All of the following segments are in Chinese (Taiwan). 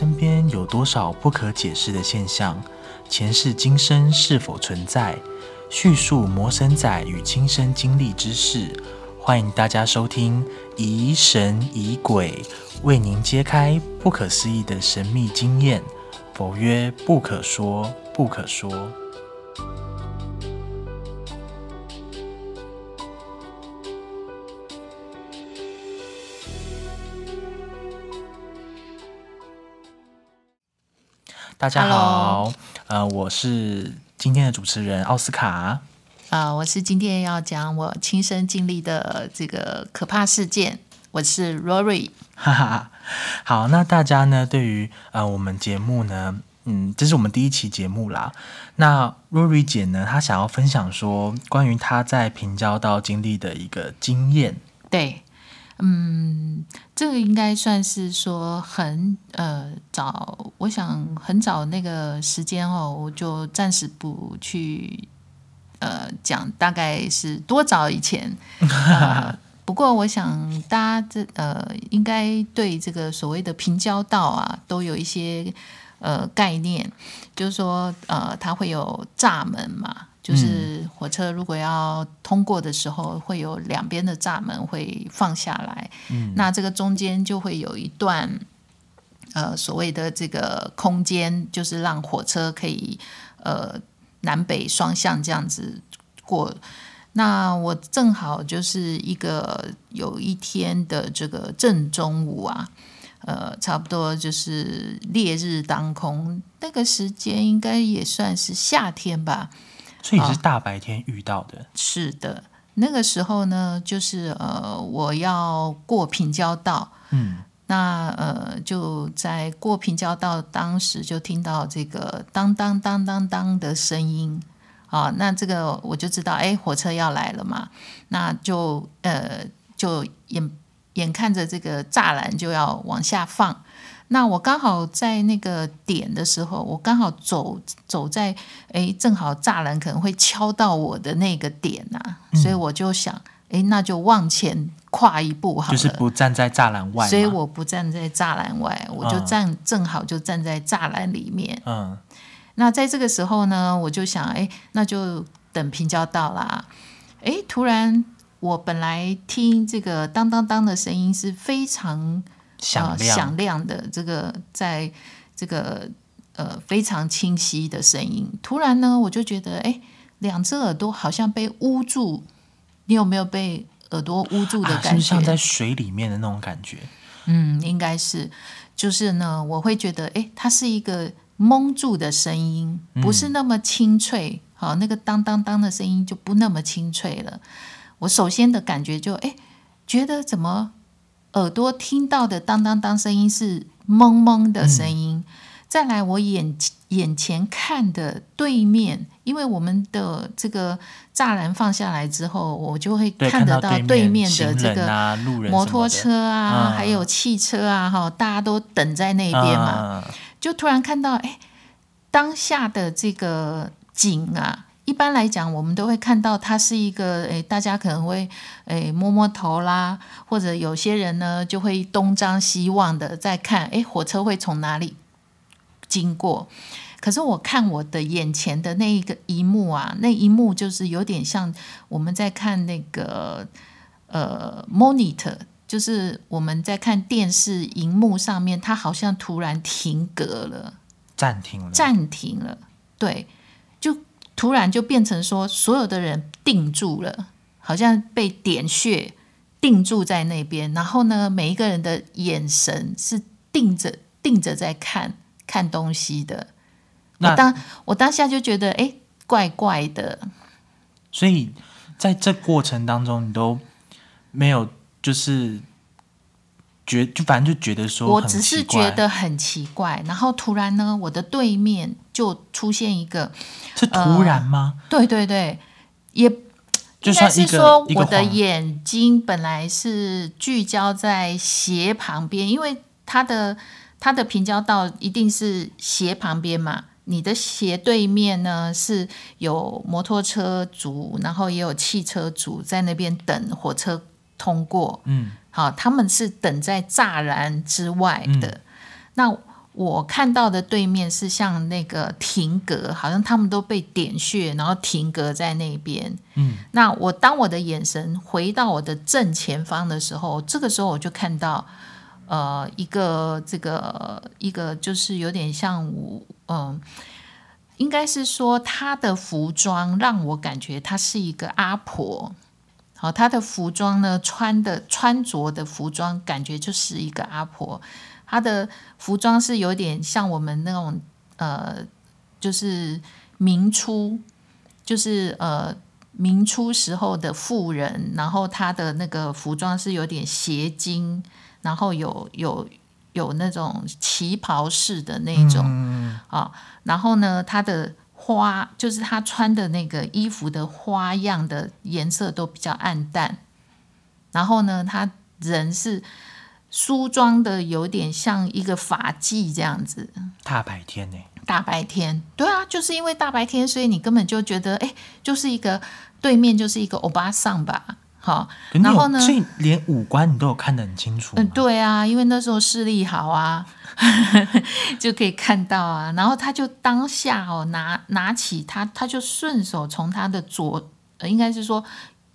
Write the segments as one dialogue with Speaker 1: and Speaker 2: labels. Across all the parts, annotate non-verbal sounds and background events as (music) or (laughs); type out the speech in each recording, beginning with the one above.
Speaker 1: 身邊有多少不可解釋的現象？前世今生是否存在？敘述魔神仔與親身經歷之事。歡迎大家收聽《疑神疑鬼》，為您揭開不可思議的神秘經驗。佛曰：不可說，不可說。大家好，Hello. 呃，我是今天的主持人奧斯卡。啊、
Speaker 2: 呃，我是今天要講我親身經歷的這個可怕事件，我是 Rory，哈
Speaker 1: 哈。 (laughs) 好，那大家呢？對於呃，我們節目呢，嗯，這是我們第一期節目啦。那 Rory 姐呢，她想要分享說關於她在平交道經歷的一個經驗，對。
Speaker 2: 嗯，這個應該算是說很呃早，我想很早那個時間哦，我就暫時不去呃講，大概是多早以前。呃、 (laughs) 不過我想大家這呃應該對這個所謂的平交道啊，都有一些呃概念，就是說呃它會有柵門嘛。就是火車如果要通過的時候，嗯，會有兩邊的閘門會放下來。嗯，那這個中間就會有一段，呃，所謂的這個空間，就是讓火車可以呃南北雙向這樣子過。那我正好就是一個有一天的這個正中午啊，呃，差不多就是烈日當空，那個時間應該也算是夏天吧。所以是
Speaker 1: 大白天遇到的。哦，是的。
Speaker 2: 那個時候呢，就是呃，我要過平交道，嗯，那呃就在過平交道，當時就聽到這個當當當當當的聲音，啊、哦，那這個我就知道，哎、欸，火車要來了嘛，那就呃就眼眼看着這個柵欄就要往下放。那我剛好在那個點的時候，我剛好走走在，哎、欸，正好柵欄可能會敲到我的那個點吶、啊，嗯、所以我就想，哎、欸，那就往前跨一步好了。就是
Speaker 1: 不站在柵欄外。所以我
Speaker 2: 不站在柵欄外，我就站、嗯、正好就站在柵欄裡面。嗯。那在這個時候呢，我就想，哎、欸，那就等平交道啦、啊。哎、欸，突然我本來聽這個當當當的聲音是非常。啊，響亮，亮的這個，在這個呃非常清晰的聲音，突然呢，我就覺得，哎、欸，兩隻耳朵好像被捂住。你有沒有被耳朵捂住的感覺？是不是像、啊、在
Speaker 1: 水裡面的那種感覺？
Speaker 2: 嗯，應該是。就是呢，我會覺得，哎、欸，它是一個蒙住的聲音，不是那麼清脆。好、嗯，那個當當當的聲音就不那麼清脆了。我首先的感覺就，哎、欸，覺得怎麼？耳朵聽到的當當當聲音是蒙蒙的聲音，嗯、再來我眼眼前看的對面，因為我們的這個柵欄放下來之後，我就會看得到對面的這個
Speaker 1: 摩托車啊，嗯、還有
Speaker 2: 汽車啊，哈，大家都等在那邊嘛，嗯、就突然看到誒、欸，當下的這個景啊。一般來講，我們都會看到它是一個誒，大家可能會誒摸摸頭啦，或者有些人呢就會東張西望的在看，哎，火車會從哪裡經過？可是我看我的眼前的那一個一幕啊，那一幕就是有點像我們在看那個呃 monitor，就是我們在看電視熒幕上面，它好像突然停
Speaker 1: 格了，暫停了，暫
Speaker 2: 停了，對。突然就變成說，所有的人定住了，好像被點穴定住在那邊。然後呢，每一個人的眼神是定着、定着在看看東西的。
Speaker 1: 那我當
Speaker 2: 我當下就覺得，哎、欸，怪怪的。
Speaker 1: 所以在這過程當中，你都沒有就是覺，就反正就覺得說，我只是覺得
Speaker 2: 很奇怪。然後突然呢，我的對面。就出現一個，是突然嗎？呃，對對對，也，應
Speaker 1: 該是說我的眼
Speaker 2: 睛本來是聚焦在斜旁邊，因為它的它的平交道一定是斜旁邊嘛。你的斜對面呢是有摩托車族，然後也有汽車族在那邊等火車通過。嗯，好，他們是等在柵欄之外的。嗯、那。我看到的對面是像那個停格，好像他們都被點穴，然後停格在那邊。嗯，那我當我的眼神回到我的正前方的時候，這個時候我就看到，呃，一個這個一個就是有點像我，嗯、呃，應該是說他的服裝讓我感覺他是一個阿婆。好、呃，他的服裝呢，穿的穿着的服裝感覺就是一個阿婆。他的服裝是有點像我們那種呃，就是明初，就是呃明初時候的婦人，然後他的那個服裝是有點斜襟，然後有有有那種旗袍式的那種啊、嗯嗯嗯哦，然後呢，他的花就是他穿的那個衣服的花樣的顏色都比較暗淡，然後呢，他人是。梳妝的有點像一個髮髻這樣子，
Speaker 1: 大白天呢、欸？
Speaker 2: 大白天，對啊，就是因為大白天，所以你根本就覺得，哎、欸，就是一個對面就是一個歐巴桑吧，
Speaker 1: 好，然後呢，所以連五官你都有看得很清楚。嗯，
Speaker 2: 對啊，因為那時候視力好啊， (laughs) (laughs) 就可以看到啊。然後他就當下哦，拿拿起他，他就順手從他的左，應該是說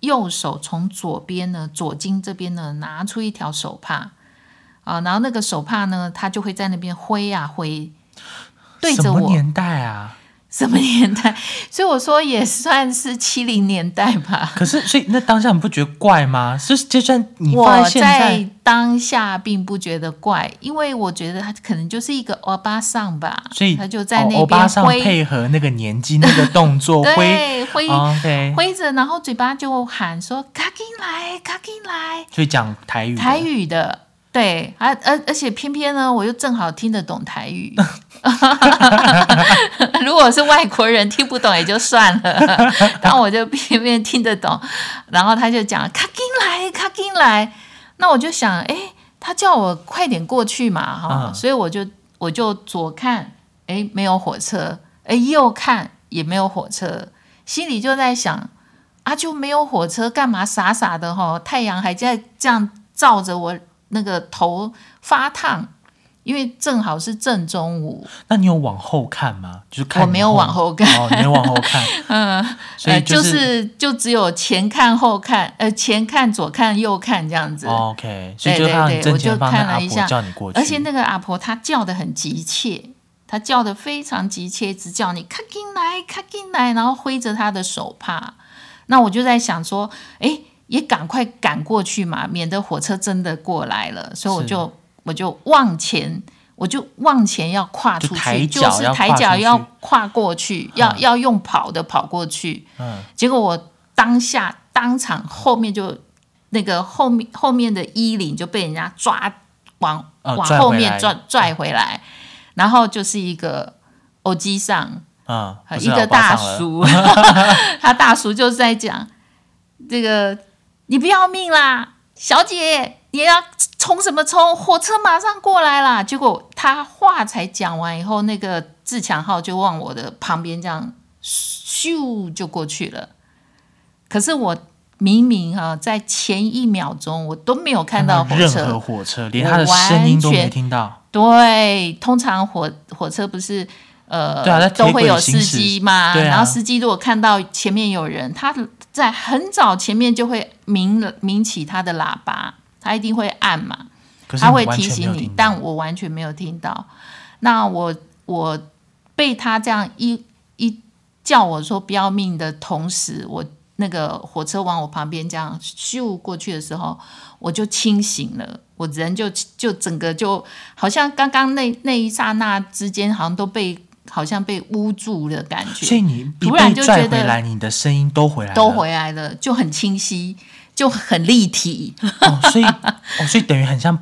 Speaker 2: 右手從左邊呢，左襟這邊呢，拿出一條手帕。啊，然後那個手帕呢，他就會在那邊揮呀、啊、揮，
Speaker 1: 對着我什麼年代啊，什麼年代？
Speaker 2: 所以我說也算是七零年代吧。
Speaker 1: 可是，所以那當下你不覺得怪嗎？是，是就算你放在現在我在
Speaker 2: 當下並不覺得怪，因為我覺得他可能就是一個歐巴桑吧，所以他就在那邊揮、哦、 (laughs) 配
Speaker 1: 合那個年紀那個動作， (laughs) 對揮揮、哦、對揮
Speaker 2: 着，然後嘴巴就喊說卡進來
Speaker 1: 卡進來。卡來所以講台語，台語
Speaker 2: 的。對，而、啊、而而且偏偏呢，我又正好聽得懂台語。 (laughs) (laughs) 如果是外國人聽不懂也就算了，然後我就偏偏聽得懂，然後他就講“卡金來，卡金來”，那我就想，哎，他叫我快點過去嘛，哈、嗯，所以我就我就左看，哎，沒有火車，哎，右看也沒有火車，心裡就在想，啊，就沒有火車，幹嘛傻傻的哈？太陽還在這樣照着我。那個頭髮燙，因為正好是正中午。
Speaker 1: 那你有往後看嗎？就是看我沒有往後看哦，你沒有往後看。 (laughs) 嗯，
Speaker 2: 所以就是、呃就是、就只有前看後看，呃，前看左看右看這樣子。哦、OK，對對對，所
Speaker 1: 以就對對對，我就看了一下。叫你過去，而且那
Speaker 2: 個阿婆她叫得很急切，她叫得非常急切，只叫你卡進來，卡進來，然後揮着她的手帕。那我就在想說，哎、欸。也趕快趕過去嘛，免得火車真的過來了。所以我就我就往前，我就往前要跨出去，就是抬腳要跨過去，要要用跑的跑過去。結果我當下當場後面就那個後面後面的衣領就被人家抓往往後面拽，拽回來，然後就是一個歐吉桑，啊，
Speaker 1: 一個大叔，
Speaker 2: 他大叔就是在講這個。你不要命啦，小姐！你要衝什麼衝？火車馬上過來了。結果他話才講完以後，那個自強號就往我的旁邊這樣咻就過去了。可是我明明哈、啊，在前一秒鐘我都沒有看到火車，任何
Speaker 1: 火車，連他的聲音都沒聽到。
Speaker 2: 對，通常火火車不是。呃，啊、都會有司機嘛，啊、然後司機如果看到前面有人，他在很早前面就會鳴鳴起他的喇叭，他一定會按嘛，他會提醒你，但我完全沒有聽到。那我我被他這樣一一叫我說不要命的同時，我那個火車往我旁邊這樣咻過去的時候，我就清醒了，我人就就整個就好像剛剛那那一剎那之間，好像都被。好像被捂住的感覺，所以
Speaker 1: 你被拽回來突然就覺得，你的聲音都回來了，都回
Speaker 2: 來了，就很清晰，就很立體。
Speaker 1: 哦，所以， (laughs) 哦、所以等於很像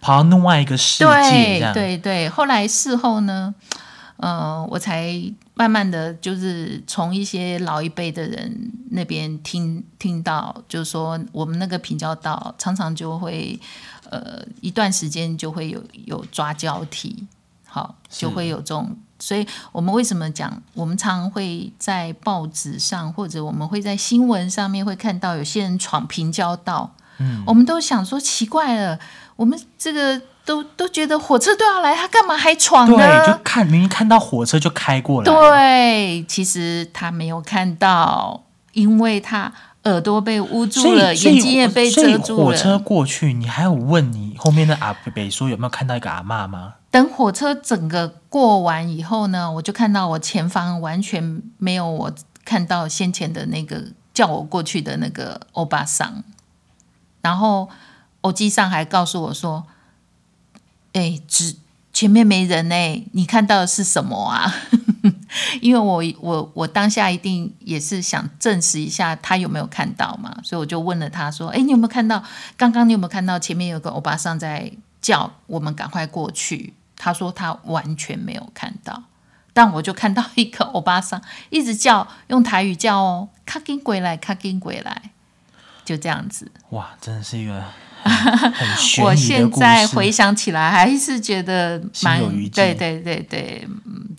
Speaker 1: 跑到另外一個世界這樣。對
Speaker 2: 對，對。後來事後呢，呃，我才慢慢的就是從一些老一輩的人那邊聽聽到，就是說我們那個平交道常常就會，呃，一段時間就會有有抓交替，好，的就會有這種。所以我們為什麼講？我們常會在報紙上，或者我們會在新聞上面會看到有些人闖平交道。嗯，我們都想說奇怪了，我們這個都都覺得火車都要來，他幹嘛還闖呢？對，就
Speaker 1: 看明明看到火車就開過來了。
Speaker 2: 對，其實他沒有看到，因為他耳朵被捂住了，眼睛也被遮住了。火,火車
Speaker 1: 過去，你還有問你後面的阿北北說有沒有看到一個阿嬤嗎？
Speaker 2: 等火車整個過完以後呢，我就看到我前方完全沒有，我看到先前的那個叫我過去的那個歐巴桑，然後歐吉桑還告訴我說：“欸，只前面沒人欸，你看到的是什麼啊？” (laughs) 因為我我我當下一定也是想證實一下他有沒有看到嘛，所以我就問了他說：“欸，你有沒有看到？剛剛你有沒有看到前面有個歐巴桑在？”叫我們趕快過去，他說他完全沒有看到，但我就看到一個歐巴桑一直叫，用台語叫哦，卡金歸來，卡金歸來，就這樣子。
Speaker 1: 哇，真的是一個很，很懸疑的故事。 (laughs) 我現在回想起
Speaker 2: 來，還是覺得蠻……心有餘悸。對對對對，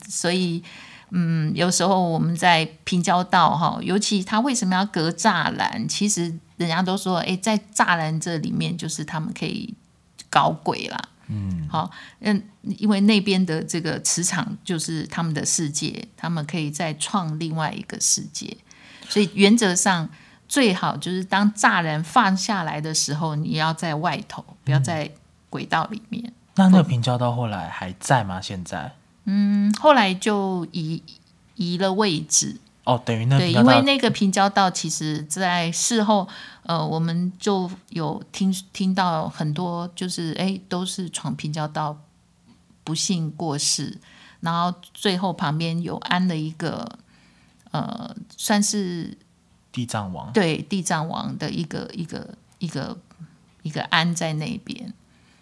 Speaker 2: 所以嗯，有時候我們在平交道哈，尤其他為什麼要隔柵欄？其實人家都說，哎，在柵欄這裡面，就是他們可以。搞鬼啦，嗯，好，嗯，因為那邊的這個磁場就是他們的世界，他們可以再創另外一個世界，所以原則上最好就是當柵欄放下來的時候，你要在外頭，不要在軌道裡面。
Speaker 1: 嗯，那那個平交道後來還在嗎？現在？
Speaker 2: 嗯，後來就移移了位置。
Speaker 1: 哦，等於那個對，因為那
Speaker 2: 個平交道，其實，在事後，呃，我們就有聽聽到很多，就是哎，都是闖平交道不幸過世，然後最後旁邊有安了一個呃，算是
Speaker 1: 地藏王，對
Speaker 2: 地藏王的一個一個一個一個安在那邊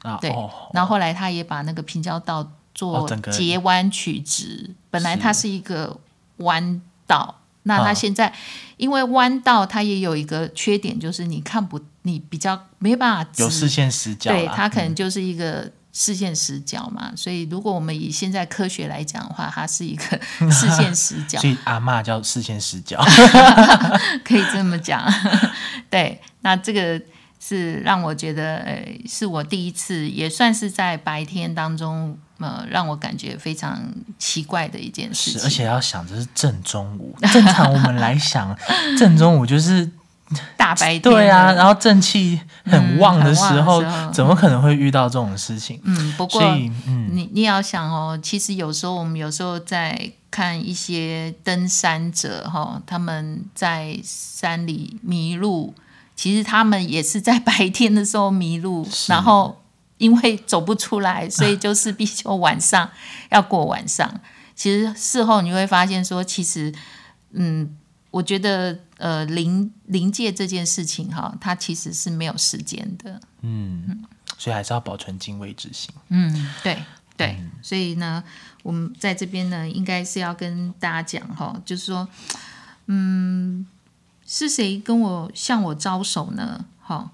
Speaker 1: 啊，對。哦、然
Speaker 2: 後後來他也把那個平交道做截彎取直，哦、本來它是一個彎道。那它現在，哦、因為彎道，它也有一個缺點，就是你看不，你比較沒辦法有視線死角，啊，對，它可能就是一個視線死角嘛。嗯、所以如果我們以現在科學來講的話，它是一個視線死角。
Speaker 1: (laughs) 所以阿嬤叫視線死角，
Speaker 2: (laughs) (laughs) 可以這麼講。 (laughs) 對，那這個是讓我覺得，呃、是我第一次也算是在白天當中。呃、嗯，讓我感覺非常奇怪的一件事，而且
Speaker 1: 要想的是正中午。正常我們來想， (laughs) 正中午就是大
Speaker 2: 白天，對啊，然
Speaker 1: 後正氣很旺的時候，嗯、時候怎麼可能會遇到這種事情？嗯，不過，所以嗯，
Speaker 2: 你你要想哦，其實有時候我們有時候在看一些登山者哈、哦，他們在山裡迷路，其實他們也是在白天的時候迷路，是然後。因為走不出來，所以就是必須晚上 (laughs) 要過晚上。其實事後你會發現說，說其實，嗯，我覺得呃，臨臨界這件事情哈，它其實是沒有時間的。嗯，
Speaker 1: 所以還是要保存敬畏之心。嗯，
Speaker 2: 對對，嗯、所以呢，我們在這邊呢，應該是要跟大家講哈，就是說，嗯，是誰跟我向我招手呢？哈、哦。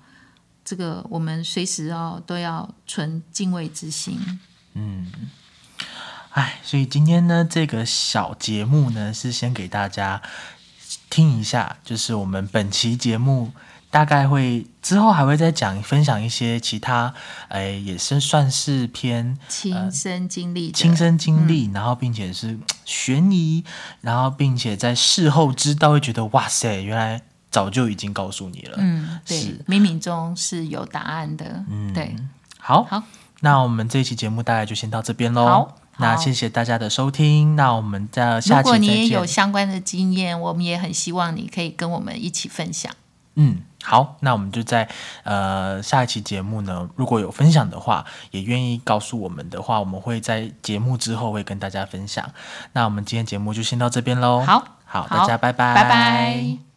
Speaker 2: 這個我們隨時哦都要存敬畏之心。嗯，
Speaker 1: 哎，所以今天呢，這個小節目呢，是先給大家聽一下，就是我們本期節目大概會之後還會再講分享一些其他，哎、呃，也是算是偏
Speaker 2: 親身經歷、呃、親身經
Speaker 1: 歷，嗯、然後並且是懸疑，然後並且在事後知道會覺得哇塞，原來。早就已經告訴你了，嗯，
Speaker 2: 對，冥冥是中是有答案的，嗯，對，
Speaker 1: 好，好，那我們這期節目大概就先到這邊嘍。好，那謝謝大家的收聽。那我們在下期，如果你也有相
Speaker 2: 關的經驗，我們也很希望你可以跟我們一起分享。
Speaker 1: 嗯，好，那我們就在呃下一期節目呢，如果有分享的話，也願意告訴我們的話，我們會在節目之後會跟大家分享。那我們今天節目就先到這邊嘍。好，好，好，大家拜拜，好拜拜。